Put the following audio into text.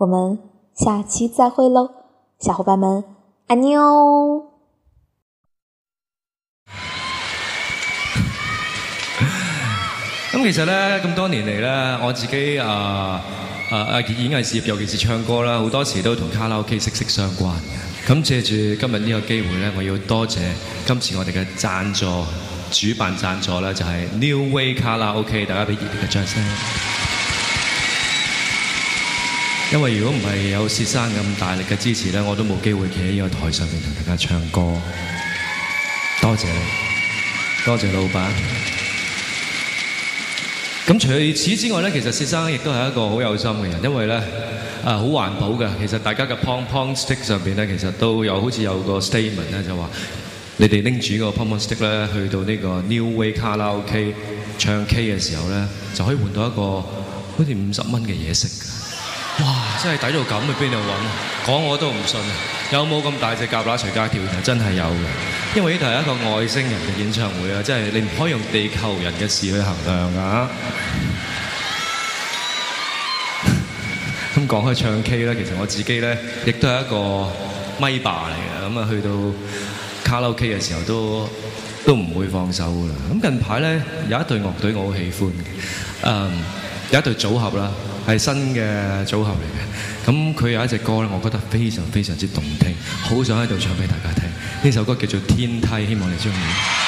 我們下期再會嘍，小伙伴們，愛你哦！咁、 嗯、其實咧，咁多年嚟咧，我自己啊啊啊，演藝事業，尤其是唱歌啦，好多時都同卡拉 OK 息息相關嘅。咁借住今日呢個機會咧，我要多謝今次我哋嘅贊助、主辦贊助呢，就係、是、New Way 卡拉 OK，大家俾熱烈嘅掌聲！因為如果唔係有薛生咁大力嘅支持咧，我都冇機會企喺呢個台上面同大家唱歌。多謝你，多謝老闆。咁除此之外咧，其實薛生亦都係一個好有心嘅人，因為咧啊，好環保㗎。其實大家嘅 pom pom stick 上面咧，其實都有好似有個 statement 咧，就話你哋拎住個 pom pom stick 咧，去到呢個 Neway 卡拉 OK 唱 K 嘅時候咧，就可以換到一個好似五十蚊嘅嘢食。哇！真係抵到咁去邊度揾啊？講我都唔信啊！有冇咁大隻蛤乸隨街跳啊？真係有嘅，因為呢度係一個外星人嘅演唱會啊！即係你唔可以用地球人嘅視去衡量㗎啊。咁講開唱 K 啦，其實我自己咧亦都係一個咪霸嚟嘅，咁啊去到卡拉 OK 嘅時候都都唔會放手㗎啦。咁近排咧有一隊樂隊我好喜歡嘅，嗯，um。有一隊組合啦，係新嘅組合嚟嘅。咁佢有一隻歌咧，我覺得非常非常之動聽，好想喺度唱俾大家聽。呢首歌叫做《天梯》，希望你中意。